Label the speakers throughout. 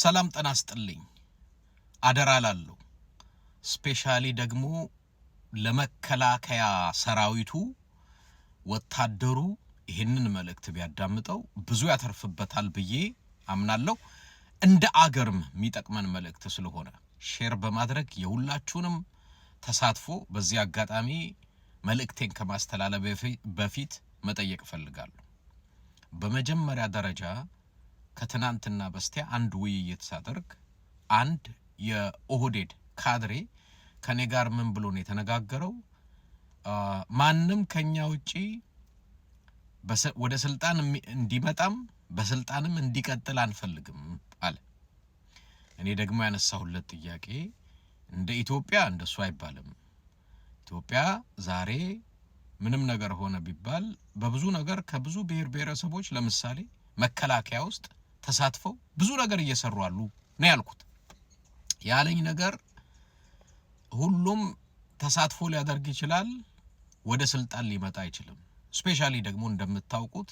Speaker 1: ሰላም ጠና ስጥልኝ አደራ ላለሁ ስፔሻሊ ደግሞ ለመከላከያ ሰራዊቱ ወታደሩ ይህንን መልእክት ቢያዳምጠው ብዙ ያተርፍበታል ብዬ አምናለሁ። እንደ አገርም የሚጠቅመን መልእክት ስለሆነ ሼር በማድረግ የሁላችሁንም ተሳትፎ በዚህ አጋጣሚ መልእክቴን ከማስተላለፍ በፊት መጠየቅ እፈልጋለሁ። በመጀመሪያ ደረጃ ከትናንትና በስቲያ አንድ ውይይት ሳደርግ አንድ የኦህዴድ ካድሬ ከኔ ጋር ምን ብሎ ነው የተነጋገረው? ማንም ከኛ ውጪ ወደ ስልጣን እንዲመጣም በስልጣንም እንዲቀጥል አንፈልግም አለ። እኔ ደግሞ ያነሳሁለት ጥያቄ እንደ ኢትዮጵያ እንደሱ አይባልም። ኢትዮጵያ ዛሬ ምንም ነገር ሆነ ቢባል በብዙ ነገር ከብዙ ብሔር ብሔረሰቦች ለምሳሌ መከላከያ ውስጥ ተሳትፈው ብዙ ነገር እየሰሩ አሉ ነው ያልኩት። ያለኝ ነገር ሁሉም ተሳትፎ ሊያደርግ ይችላል፣ ወደ ስልጣን ሊመጣ አይችልም። ስፔሻሊ ደግሞ እንደምታውቁት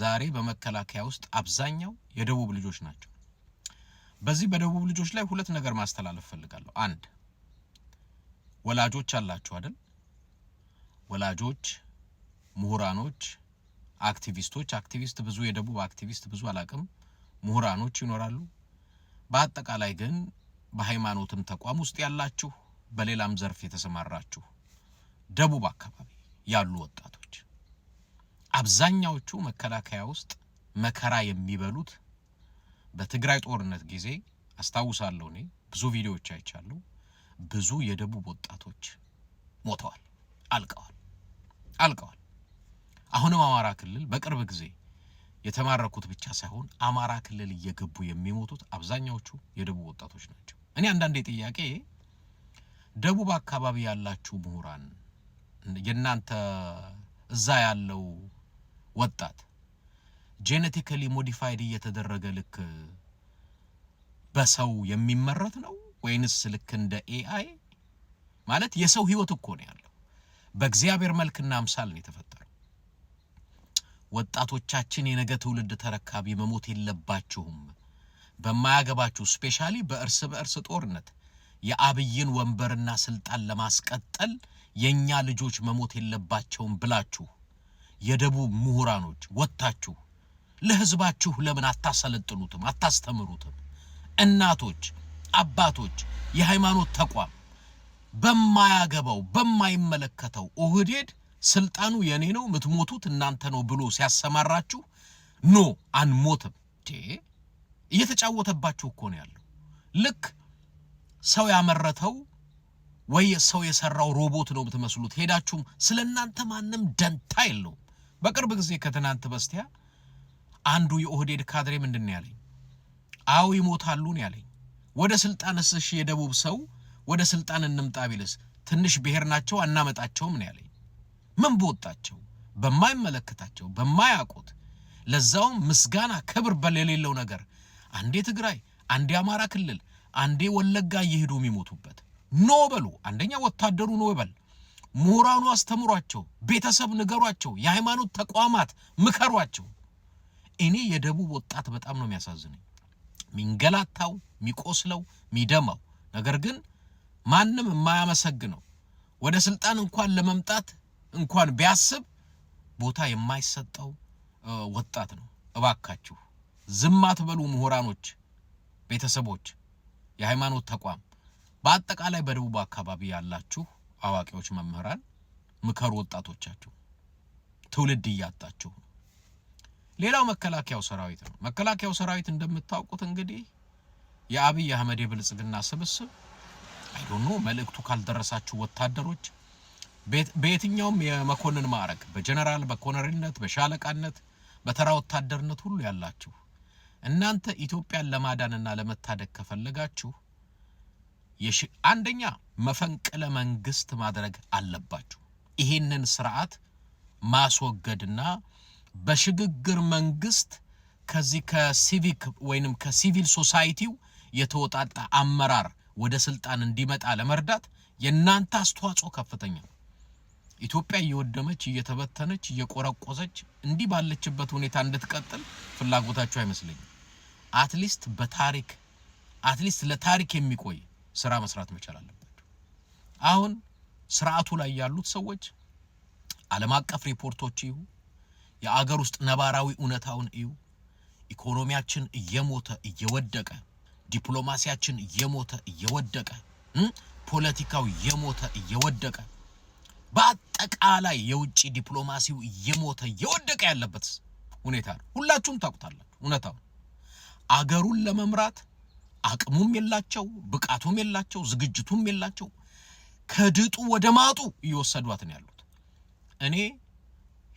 Speaker 1: ዛሬ በመከላከያ ውስጥ አብዛኛው የደቡብ ልጆች ናቸው። በዚህ በደቡብ ልጆች ላይ ሁለት ነገር ማስተላለፍ ፈልጋለሁ። አንድ ወላጆች አላችሁ አይደል? ወላጆች፣ ምሁራኖች አክቲቪስቶች አክቲቪስት ብዙ የደቡብ አክቲቪስት ብዙ አላቅም፣ ምሁራኖች ይኖራሉ። በአጠቃላይ ግን በሃይማኖትም ተቋም ውስጥ ያላችሁ፣ በሌላም ዘርፍ የተሰማራችሁ ደቡብ አካባቢ ያሉ ወጣቶች አብዛኛዎቹ መከላከያ ውስጥ መከራ የሚበሉት በትግራይ ጦርነት ጊዜ አስታውሳለሁ። እኔ ብዙ ቪዲዮዎች አይቻሉ። ብዙ የደቡብ ወጣቶች ሞተዋል፣ አልቀዋል፣ አልቀዋል። አሁንም አማራ ክልል በቅርብ ጊዜ የተማረኩት ብቻ ሳይሆን አማራ ክልል እየገቡ የሚሞቱት አብዛኛዎቹ የደቡብ ወጣቶች ናቸው። እኔ አንዳንዴ ጥያቄ ደቡብ አካባቢ ያላችሁ ምሁራን፣ የእናንተ እዛ ያለው ወጣት ጄኔቲካሊ ሞዲፋይድ እየተደረገ ልክ በሰው የሚመረት ነው ወይንስ ልክ እንደ ኤአይ ማለት የሰው ህይወት እኮ ነው ያለው። በእግዚአብሔር መልክና አምሳል ነው የተፈጠረው። ወጣቶቻችን የነገ ትውልድ ተረካቢ መሞት የለባችሁም። በማያገባችሁ ስፔሻሊ በእርስ በእርስ ጦርነት የአብይን ወንበርና ስልጣን ለማስቀጠል የእኛ ልጆች መሞት የለባቸውም ብላችሁ የደቡብ ምሁራኖች ወጥታችሁ ለህዝባችሁ ለምን አታሰለጥኑትም? አታስተምሩትም? እናቶች፣ አባቶች፣ የሃይማኖት ተቋም በማያገባው በማይመለከተው ኦህዴድ ስልጣኑ የኔ ነው የምትሞቱት እናንተ ነው ብሎ ሲያሰማራችሁ ኖ አንሞትም እየተጫወተባችሁ እኮ ነው ያለው። ልክ ሰው ያመረተው ወይ ሰው የሰራው ሮቦት ነው የምትመስሉት። ሄዳችሁም ስለ እናንተ ማንም ደንታ የለውም። በቅርብ ጊዜ ከትናንት በስቲያ አንዱ የኦህዴድ ካድሬ ምንድን ነው ያለኝ? አዎ ይሞታሉ ነው ያለኝ። ወደ ስልጣን ስሽ የደቡብ ሰው ወደ ስልጣን እንምጣ ቢልስ ትንሽ ብሔር ናቸው አናመጣቸውም ነው ያለኝ። ምን በወጣቸው በማይመለከታቸው በማያውቁት ለዛውም ምስጋና ክብር በሌለው ነገር አንዴ ትግራይ፣ አንዴ አማራ ክልል፣ አንዴ ወለጋ እየሄዱ የሚሞቱበት ኖ በሉ። አንደኛ ወታደሩ ኖ በል፣ ምሁራኑ አስተምሯቸው፣ ቤተሰብ ንገሯቸው፣ የሃይማኖት ተቋማት ምከሯቸው። እኔ የደቡብ ወጣት በጣም ነው የሚያሳዝነኝ፣ ሚንገላታው፣ ሚቆስለው፣ ሚደማው ነገር ግን ማንም የማያመሰግነው ወደ ስልጣን እንኳን ለመምጣት እንኳን ቢያስብ ቦታ የማይሰጠው ወጣት ነው። እባካችሁ ዝም አትበሉ ምሁራኖች፣ ቤተሰቦች፣ የሃይማኖት ተቋም፣ በአጠቃላይ በደቡብ አካባቢ ያላችሁ አዋቂዎች፣ መምህራን ምከሩ ወጣቶቻችሁ። ትውልድ እያጣችሁ ነው። ሌላው መከላከያው ሰራዊት ነው። መከላከያው ሰራዊት እንደምታውቁት እንግዲህ የአብይ አህመድ የብልጽግና ስብስብ አይዶኖ መልእክቱ ካልደረሳችሁ ወታደሮች በየትኛውም የመኮንን ማዕረግ በጀነራል፣ በኮነሬልነት፣ በሻለቃነት፣ በተራ ወታደርነት ሁሉ ያላችሁ እናንተ ኢትዮጵያን ለማዳንና ለመታደግ ከፈለጋችሁ አንደኛ መፈንቅለ መንግስት ማድረግ አለባችሁ። ይሄንን ስርዓት ማስወገድና በሽግግር መንግስት ከዚህ ከሲቪክ ወይንም ከሲቪል ሶሳይቲው የተወጣጣ አመራር ወደ ስልጣን እንዲመጣ ለመርዳት የእናንተ አስተዋጽኦ ከፍተኛ ኢትዮጵያ እየወደመች እየተበተነች እየቆረቆዘች እንዲህ ባለችበት ሁኔታ እንድትቀጥል ፍላጎታቸው አይመስለኝም። አትሊስት በታሪክ አትሊስት ለታሪክ የሚቆይ ስራ መስራት መቻል አለባቸው። አሁን ስርዓቱ ላይ ያሉት ሰዎች ዓለም አቀፍ ሪፖርቶች ይሁ የአገር ውስጥ ነባራዊ እውነታውን እዩ። ኢኮኖሚያችን እየሞተ እየወደቀ፣ ዲፕሎማሲያችን እየሞተ እየወደቀ፣ ፖለቲካው እየሞተ እየወደቀ አጠቃላይ የውጭ ዲፕሎማሲው እየሞተ እየወደቀ ያለበት ሁኔታ ነው። ሁላችሁም ታውቁታላችሁ እውነታው። አገሩን ለመምራት አቅሙም የላቸው፣ ብቃቱም የላቸው፣ ዝግጅቱም የላቸው። ከድጡ ወደ ማጡ እየወሰዷት ነው ያሉት። እኔ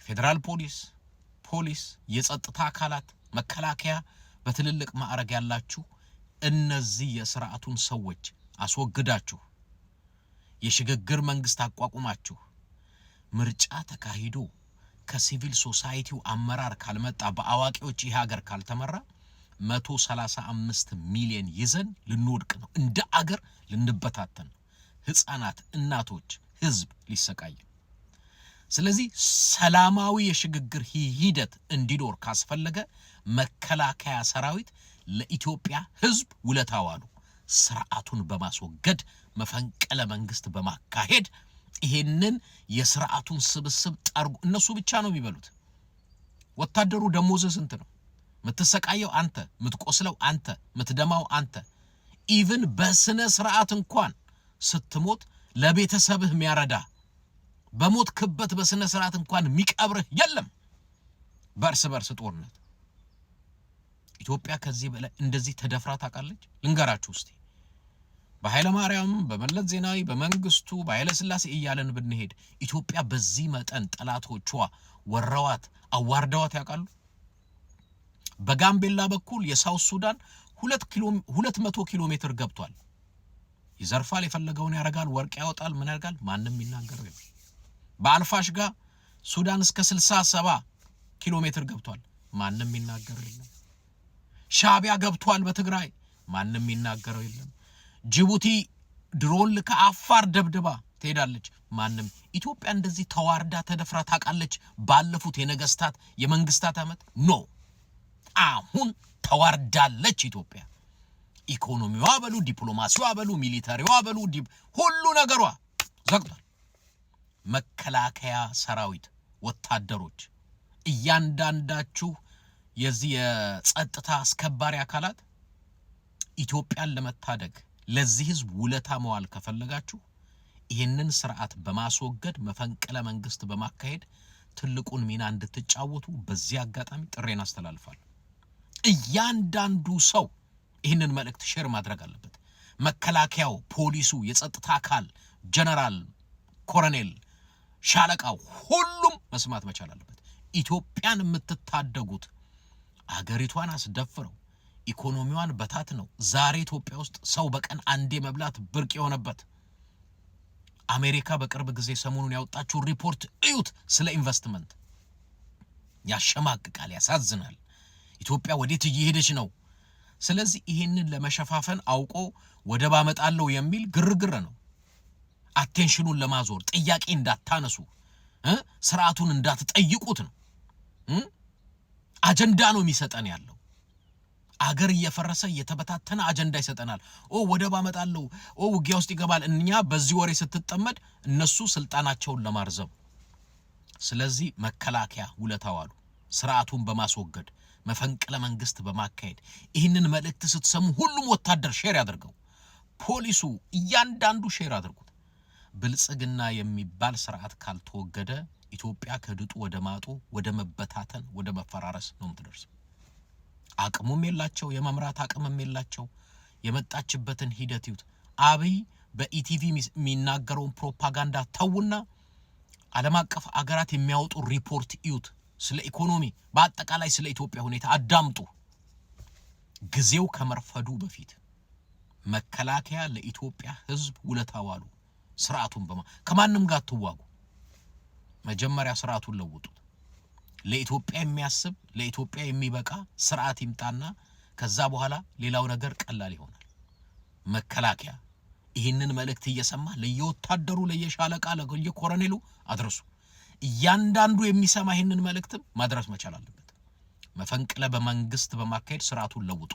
Speaker 1: ፌዴራል ፖሊስ፣ ፖሊስ፣ የጸጥታ አካላት፣ መከላከያ በትልልቅ ማዕረግ ያላችሁ እነዚህ የስርዓቱን ሰዎች አስወግዳችሁ የሽግግር መንግስት አቋቁማችሁ ምርጫ ተካሂዶ ከሲቪል ሶሳይቲው አመራር ካልመጣ በአዋቂዎች ይህ ሀገር ካልተመራ መቶ ሰላሳ አምስት ሚሊዮን ይዘን ልንወድቅ ነው። እንደ አገር ልንበታተን ነው። ህጻናት፣ እናቶች፣ ህዝብ ሊሰቃይ። ስለዚህ ሰላማዊ የሽግግር ሂደት እንዲኖር ካስፈለገ መከላከያ ሰራዊት ለኢትዮጵያ ህዝብ ውለታ ዋሉ። ስርዓቱን በማስወገድ መፈንቅለ መንግስት በማካሄድ ይሄንን የስርዓቱን ስብስብ ጠርጎ እነሱ ብቻ ነው የሚበሉት። ወታደሩ ደሞዝ ስንት ነው? የምትሰቃየው አንተ፣ የምትቆስለው አንተ፣ የምትደማው አንተ። ኢቭን በስነ ስርዓት እንኳን ስትሞት ለቤተሰብህ የሚያረዳ በሞት ክበት በስነ ስርዓት እንኳን የሚቀብርህ የለም። በእርስ በርስ ጦርነት ኢትዮጵያ ከዚህ በላይ እንደዚህ ተደፍራ ታውቃለች? ልንገራችሁ ውስጥ በኃይለ ማርያም፣ በመለስ ዜናዊ፣ በመንግስቱ፣ በኃይለ ስላሴ እያለን ብንሄድ ኢትዮጵያ በዚህ መጠን ጠላቶቿ ወረዋት አዋርደዋት ያውቃሉ? በጋምቤላ በኩል የሳውት ሱዳን ሁለት መቶ ኪሎ ሜትር ገብቷል። ይዘርፋል፣ የፈለገውን ያደርጋል፣ ወርቅ ያወጣል፣ ምን ያደርጋል? ማንም የሚናገረው የለም። በአልፋሽጋ ሱዳን እስከ ስልሳ ሰባ ኪሎ ሜትር ገብቷል። ማንም የሚናገረው የለም። ሻቢያ ገብቷል በትግራይ ማንም የሚናገረው የለም። ጅቡቲ ድሮን ልካ አፋር ደብድባ ትሄዳለች። ማንም ኢትዮጵያ እንደዚህ ተዋርዳ ተደፍራ ታውቃለች? ባለፉት የነገስታት የመንግስታት ዓመት ኖ አሁን ተዋርዳለች ኢትዮጵያ። ኢኮኖሚዋ በሉ ዲፕሎማሲዋ በሉ ሚሊተሪዋ በሉ ሁሉ ነገሯ ዘግቷል። መከላከያ ሰራዊት ወታደሮች፣ እያንዳንዳችሁ የዚህ የጸጥታ አስከባሪ አካላት ኢትዮጵያን ለመታደግ ለዚህ ህዝብ ውለታ መዋል ከፈለጋችሁ ይህንን ስርዓት በማስወገድ መፈንቅለ መንግስት በማካሄድ ትልቁን ሚና እንድትጫወቱ በዚህ አጋጣሚ ጥሬን አስተላልፋለሁ። እያንዳንዱ ሰው ይህንን መልእክት ሼር ማድረግ አለበት። መከላከያው፣ ፖሊሱ፣ የጸጥታ አካል፣ ጀነራል፣ ኮሎኔል፣ ሻለቃው፣ ሁሉም መስማት መቻል አለበት። ኢትዮጵያን የምትታደጉት አገሪቷን አስደፍረው ኢኮኖሚዋን በታት ነው። ዛሬ ኢትዮጵያ ውስጥ ሰው በቀን አንዴ መብላት ብርቅ የሆነበት አሜሪካ በቅርብ ጊዜ ሰሞኑን ያወጣችው ሪፖርት እዩት፣ ስለ ኢንቨስትመንት ያሸማቅቃል፣ ያሳዝናል። ኢትዮጵያ ወዴት እየሄደች ነው? ስለዚህ ይህንን ለመሸፋፈን አውቆ ወደብ አመጣለሁ የሚል ግርግር ነው። አቴንሽኑን ለማዞር ጥያቄ እንዳታነሱ ስርዓቱን እንዳትጠይቁት ነው። አጀንዳ ነው የሚሰጠን ያለው አገር እየፈረሰ እየተበታተነ አጀንዳ ይሰጠናል። ኦ ወደብ አመጣለሁ፣ ኦ ውጊያ ውስጥ ይገባል። እኛ በዚህ ወሬ ስትጠመድ እነሱ ስልጣናቸውን ለማርዘም ስለዚህ መከላከያ ውለታው አሉ ስርዓቱን በማስወገድ መፈንቅለ መንግስት በማካሄድ ይህንን መልእክት ስትሰሙ ሁሉም ወታደር ሼር ያደርገው፣ ፖሊሱ እያንዳንዱ ሼር አድርጉት። ብልጽግና የሚባል ስርዓት ካልተወገደ ኢትዮጵያ ከድጡ ወደ ማጡ፣ ወደ መበታተን፣ ወደ መፈራረስ ነው የምትደርሰው። አቅሙም የላቸው፣ የመምራት አቅምም የላቸው። የመጣችበትን ሂደት ይዩት። አብይ በኢቲቪ የሚናገረውን ፕሮፓጋንዳ ተውና ዓለም አቀፍ አገራት የሚያወጡ ሪፖርት እዩት። ስለ ኢኮኖሚ በአጠቃላይ ስለ ኢትዮጵያ ሁኔታ አዳምጡ። ጊዜው ከመርፈዱ በፊት መከላከያ ለኢትዮጵያ ሕዝብ ውለታ ዋሉ። ስርዓቱን በማ ከማንም ጋር ትዋጉ። መጀመሪያ ስርዓቱን ለውጡት። ለኢትዮጵያ የሚያስብ ለኢትዮጵያ የሚበቃ ስርዓት ይምጣና ከዛ በኋላ ሌላው ነገር ቀላል ይሆናል። መከላከያ ይህንን መልእክት እየሰማ ለየወታደሩ፣ ለየሻለቃ፣ ለየኮረኔሉ አድርሱ። እያንዳንዱ የሚሰማ ይህንን መልእክትም ማድረስ መቻል አለበት። መፈንቅለ በመንግስት በማካሄድ ስርዓቱን ለውጡ።